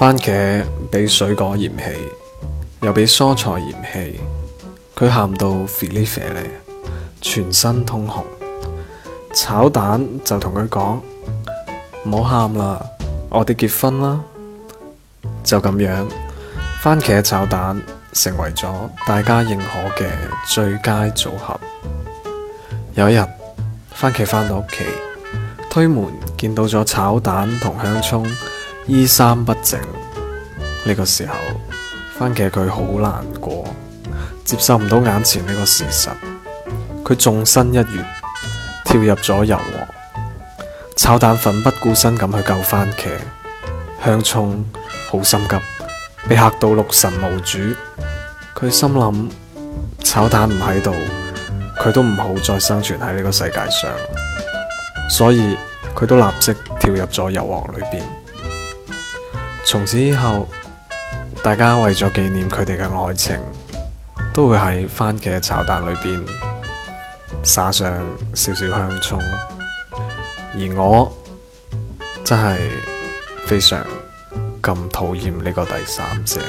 番茄俾水果嫌棄，又俾蔬菜嫌棄，佢喊到 feel 全身通紅。炒蛋就同佢講：唔好喊啦，我哋結婚啦。就咁樣，番茄炒蛋成為咗大家認可嘅最佳組合。有一日，番茄返到屋企，推門見到咗炒蛋同香葱。衣衫不整。呢個時候，番茄佢好難過，接受唔到眼前呢個事實，佢縱身一躍跳入咗油鑊，炒蛋奮不顧身咁去救番茄，香葱好心急，被嚇到六神無主，佢心諗炒蛋唔喺度，佢都唔好再生存喺呢個世界上，所以佢都立即跳入咗油鑊裏面。從此以後，大家為咗紀念佢哋嘅愛情，都會喺番茄炒蛋裏面灑上少少香葱。而我真係非常咁討厭呢個第三者。